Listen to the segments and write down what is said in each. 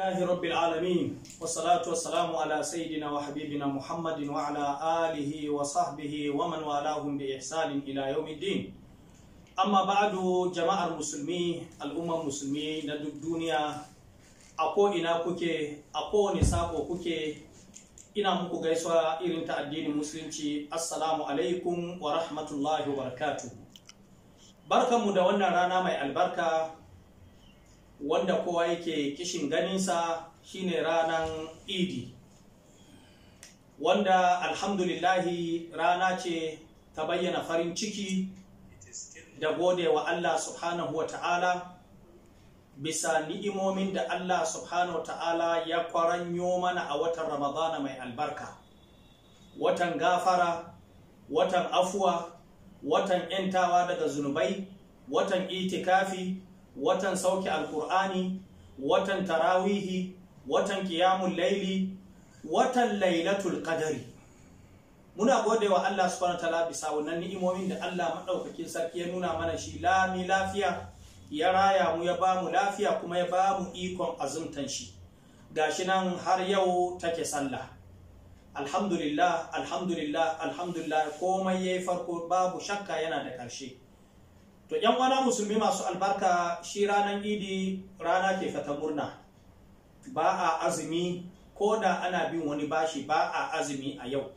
الله رب العالمين والصلاة والسلام على سيدنا وحبيبنا محمد وعلى آله وصحبه ومن والاهم بإحسان إلى يوم الدين أما بعد جماعة المسلمين الأمة المسلمين na duk duniya a ko ina kuke a kowane sako kuke ina muku gaisuwa irin ta addinin musulunci assalamu alaikum wa rahmatullahi wa barkan mu da wannan rana mai albarka wanda kowa yake kishin ganinsa shine ranar idi wanda alhamdulillahi rana ce ta bayyana farin ciki da gode wa Allah subhanahu wa ta'ala bisa ni'imomin da Allah subhanahu wa ta'ala ya kwaranyo mana a watan Ramadana mai albarka watan gafara watan afuwa watan ‘yantawa daga zunubai watan itikafi watan sauki alkur'ani watan tarawihi watan kiyamun laili watan lailatul qadari muna gode wa Allah subhanahu ta'ala bisa wannan ni'imomin da Allah madaukakin sarki ya nuna mana shi lami lafiya ya raya mu ya bamu lafiya kuma ya bamu ikon azumtan shi gashi nan har yau take sallah alhamdulillah alhamdulillah alhamdulillah komai yayi farko babu shakka yana da ƙarshe to yan wana musulmi masu albarka shi ranar idi rana ke fata murna ba a azumi ko da ana bin wani bashi ba a azumi a yau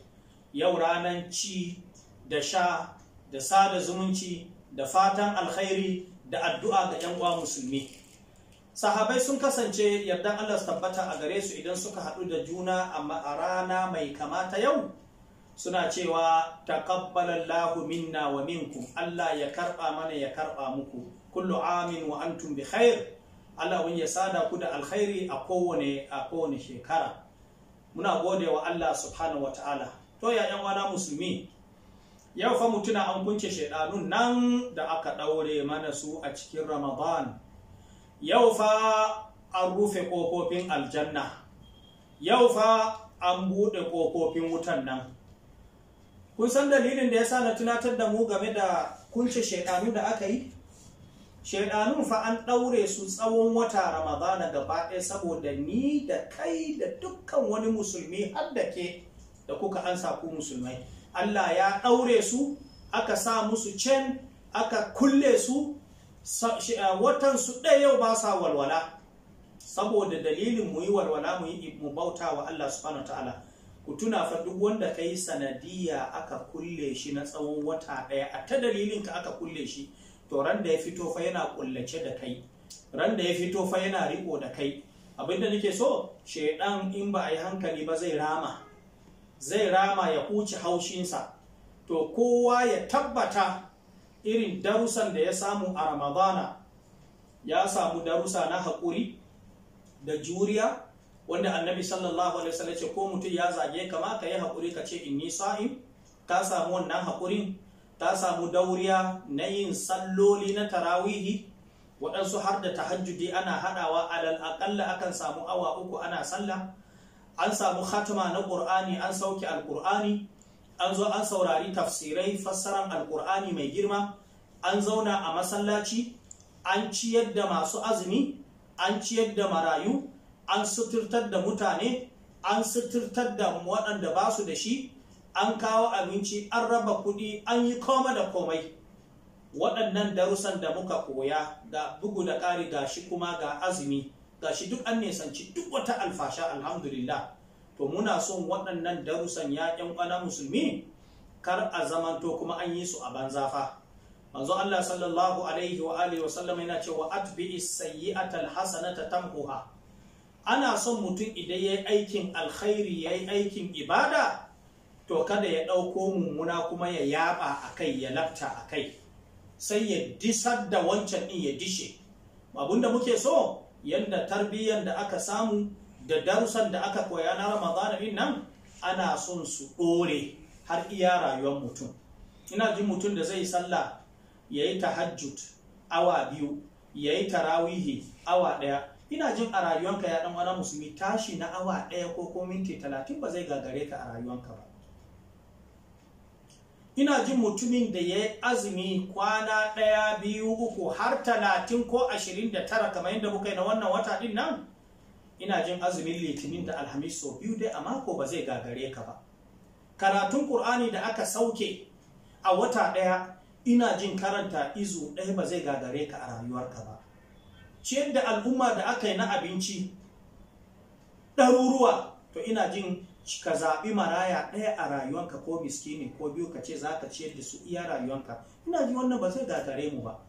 yau ranar ci da sha da sada zumunci da fatan alkhairi da addu'a ga yan uwa musulmi sahabai sun kasance yardan Allah tabbata a gare su idan suka haɗu da juna a rana mai kamata yau suna cewa taqabbalallahu minna wa minkum Allah ya karɓa mana ya karɓa muku kullu amin wa antum bi khair Allah wani ya sada ku da alkhairi a kowane a kowane shekara muna gode wa Allah subhanahu ta'ala. to ya yan wana musulmi yau fa mutuna an kunce shaidanun nan da aka ɗaure mana su a cikin Ramadan yau fa an rufe ƙofofin aljanna yau fa an buɗe ƙofofin wutan nan kun san dalilin da ya sa na tunatar da mu game da kunce shaidanu da aka yi shaidanun fa an ɗaure su tsawon wata ramadana gaba ɗaya saboda ni da kai da dukkan wani musulmi har da ke da kuka an ku musulmai allah ya ɗaure su aka sa musu cen aka kulle su watan su ɗaya yau ba sa walwala saboda dalilin mu yi walwala mu yi mu bauta wa allah subhanahu ta'ala ku tuna fa duk wanda ka yi sanadiyya aka kulle shi na tsawon wata ɗaya a ta dalilin ka aka kulle shi to ran da ya fito fa yana kullace da kai ran da ya fito fa yana riko da kai abinda nake so shaidan in ba a yi hankali ba zai rama zai rama ya huce haushinsa to kowa ya tabbata irin darusan da ya samu a ramadana ya samu darusa na haƙuri da juriya wanda annabi sallallahu alaihi wasallam ce ko mutum ya zage ka ma ka yi haƙuri ka ce inni sa'im ta samu wannan haƙurin ta samu dauriya na yin salloli na tarawihi waɗansu har da tahajjudi ana haɗawa alal aƙalla akan samu awa uku ana sallah an samu khatma na ƙur'ani an sauke alƙur'ani an zo an saurari tafsirai fassaran alƙur'ani mai girma an zauna a masallaci an ciyar da masu azumi an ciyar da marayu an suturtar da mutane an suturtar da waɗanda ba su da shi an kawo abinci an raba kuɗi an yi koma da komai waɗannan darusan da muka koya ga bugu da ƙari ga shi kuma ga azumi ga shi duk an nesanci duk wata alfasha alhamdulillah to muna son waɗannan darusan ya ƙwana musulmi kar a zamanto kuma an yi su a banza fa manzo Allah sallallahu alaihi wa alihi wa sallam yana cewa atbi'is sayyi'atal hasanata tamhuha ana son mutum idan ya yi aikin alkhairi ya yi aikin ibada to kada ya ɗauko mummuna kuma ya yaba a kai ya lafta a kai sai ya disar da wancan ɗin ya dishe abinda muke so yadda tarbiyyar da aka samu da darussan da aka koya na ramadana ɗin nan ana son su ɗore har iya rayuwar mutum ina jin mutum da zai sallah ya yi tahajjud awa biyu ya yi tarawihi awa ɗaya ina jin a rayuwanka ya dan wani musulmi tashi na awa ɗaya ko ko minti talatin ba zai gagare ka a rayuwanka ba ina jin mutumin da ya azumi kwana ɗaya biyu uku har talatin ko ashirin da tara kamar yadda muka yi na wannan wata ɗin nan ina jin azumin litinin da alhamis sau biyu dai a mako ba zai gagare ka ba karatun ƙur'ani da aka sauke a wata ɗaya ina jin karanta izu ɗaya ba zai gagare ka a rayuwarka ba ciyar da al'umma da aka yi na abinci ɗaruruwa to ina jin ka zaɓi maraya ɗaya a rayuwanka ko miskini ko biyu ka ce za ka ciyar da su iya rayuwanka ina jin wannan ba zai gagare mu ba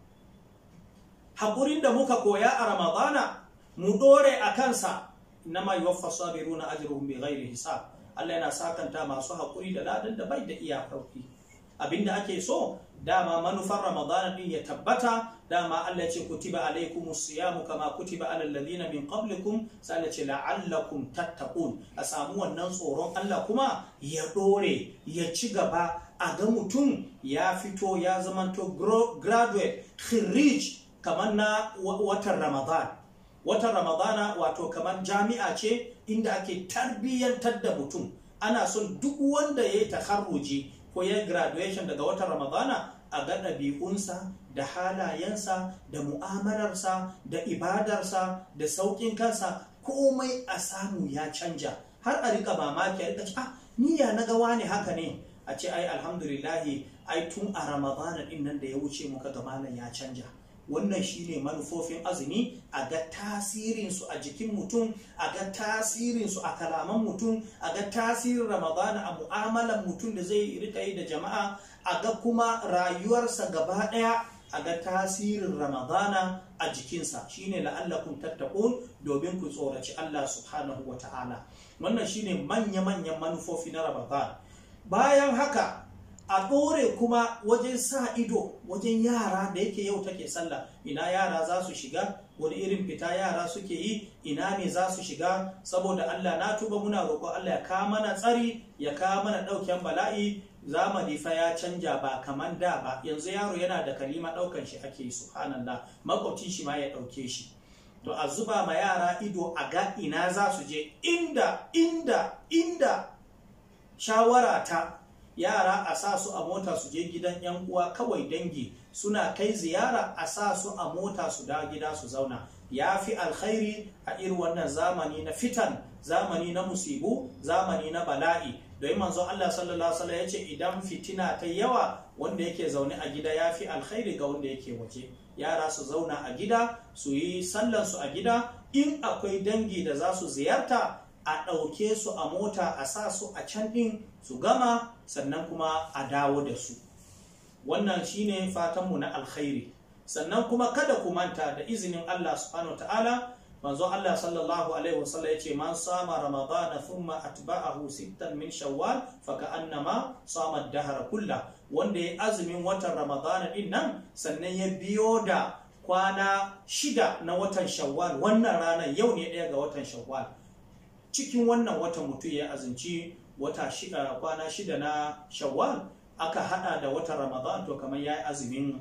haƙurin da muka koya a ramadana mu ɗore a kansa na mai yuwaffa na ajruhum bi ghairi hisab Allah yana sakanta masu haƙuri da ladan da bai da iyakoki abinda ake so dama manufar ramadana din ya tabbata dama Allah ce kutiba alaikumus siyamu kama kutiba alal ladina min qablikum sai Allah ce la'allakum tattaqun a samu wannan tsoron Allah kuma ya dore ya ci gaba a ga mutum ya fito ya zama to graduate khirij kamar na watan ramadan watan ramadana wato kamar jami'a ce inda ake tarbiyyantar da mutum ana son duk wanda ya yi ko ya graduation daga watan ramadana a ga ɗabi'unsa da halayensa da mu'amalarsa da ibadarsa da sauƙin kansa komai a samu ya canja har a rika mamaki a rika ci ah niyya na gawa ne haka ne a ce ai alhamdulillahi ai tun a ramadana ɗin nan da ya wuce muka ga malam ya canja wannan shine manufofin azumi a ga tasirinsu a jikin mutum a ga tasirinsu a kalaman mutum a ga tasirin ramadana a mu'amalan mutum da zai rika yi da jama'a a ga kuma rayuwarsa gaba ɗaya a ga tasirin ramadana a jikinsa shine la'allakun tattakun domin ku tsoraci Allah subhanahu wa ta'ala wannan shine manya-manyan manufofi na ramadana, bayan haka a ɗore kuma wajen sa ido wajen yara da yake yau take sallah ina yara za su shiga wani irin fita yara suke yi ina ne za su shiga saboda Allah na tuba muna roƙo Allah ya ka mana tsari ya ka mana ɗauken bala'i zamani fa ya canja ba kaman da ba yanzu yaro yana da kalima ɗaukan shi ake subhanallah makwabcin shi ma ya ɗauke shi to a zuba ma yara ido a ga ina za su je inda inda inda shawara ta yara a sa su a mota su je gidan yan uwa kawai dangi suna kai ziyara a sa su a mota su da gida su zauna ya fi alkhairi a irin wannan zamani na fitan zamani na musibu zamani na bala'i don manzo Allah sallallahu alaihi ya ce idan fitina ta yawa wanda yake zaune a gida ya fi alkhairi ga wanda yake waje yara su zauna a gida su yi su a gida in akwai dangi da za su ziyarta a ɗauke su a mota a sa su a can ɗin su gama sannan kuma a dawo da su wannan shine fatanmu na alkhairi sannan kuma kada ku manta da izinin Allah subhanahu ta'ala manzo Allah sallallahu alaihi wasallam yace man sama ramadana thumma atba'ahu sittan min shawwal fa ka'annama sama ad-dahra kullah wanda ya azumin watan ramadana din nan sannan ya biyo da kwana shida na watan shawwal wannan ranar yau ne daya ga watan shawwal cikin wannan wata mutum ya azinci wata shida kwana shida na shawwal aka hada da wata ramadan to kamar ya yi azumin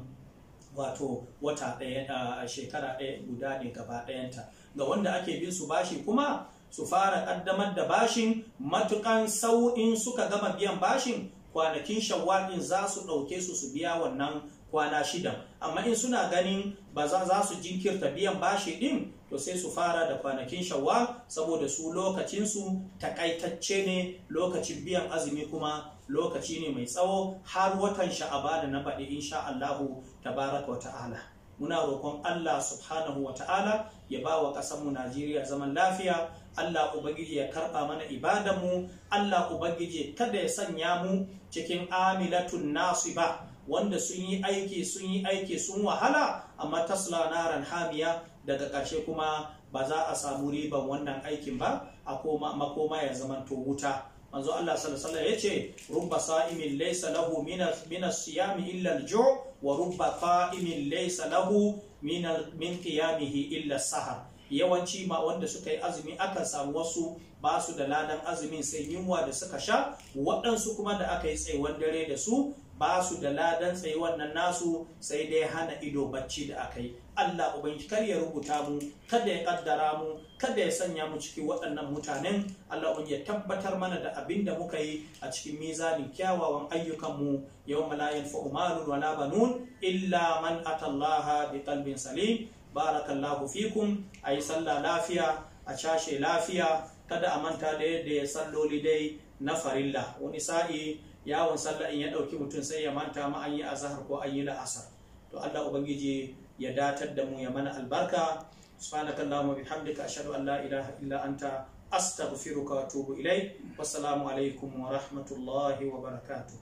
wato wata ɗaya a shekara ɗaya guda ne gaba ɗayanta ga wanda ake bin su bashi kuma su fara ƙaddamar da bashin matukan sau'in suka gama biyan bashin kwanakin shawwalin za su ɗauke su su biya wannan kwana shida amma in suna ganin ba za su jinkirta biyan bashi ɗin to sai su fara da kwanakin shawwa saboda su lokacinsu takaitacce ne lokacin biyan azumi kuma lokaci ne mai tsawo har watan da na baɗi insha Allahu tabaraka wa ta'ala muna roƙon Allah subhanahu wa ta'ala ya ba wa ƙasarmu Najeriya zaman lafiya Allah Ubangiji ya karɓa mana ibadanmu Allah Ubangiji kada ya sanya mu cikin amilatun nasiba wanda sun yi aiki sun yi aiki sun wahala amma tasla naran hamiya daga ƙarshe kuma ba za a samu riban wannan aikin ba a koma makoma ya to wuta manzo Allah sallallahu alaihi ya ce rubba sa'imin laysa lahu min as-siyami illa al-ju' wa rubba qa'imin laysa lahu min min qiyamihi illa sahar yawanci ma wanda suka yi azumi akan samu wasu ba su da ladan azumin sai yunwa da suka sha waɗansu kuma da aka yi tsayuwar dare da su ba su da ladan tsayuwar nan nasu sai dai hana ido bacci da aka yi Allah Ubangiji kar ya rubuta mu kada ya kaddara mu kada ya sanya mu ciki waɗannan mutanen Allah Ubangiji ya tabbatar mana da abin da muka yi a cikin mizanin kyawawan ayyukan mu yawma malayin yanfa'u wa la banun illa man atallaha bi qalbin salim barakallahu fikum ayi sallah lafiya a cashe lafiya kada a manta da yadda ya salloli dai na farilla wani sa'i yawon sallah in ya ɗauki mutum sai ya manta ma an yi azahar ko an yi la'asar to Allah ubangiji ya datar da mu ya mana albarka subhanakallahumma bihamdika ashhadu an la ilaha illa anta astaghfiruka wa atubu ilai wassalamu alaikum wa rahmatullahi wa barakatuh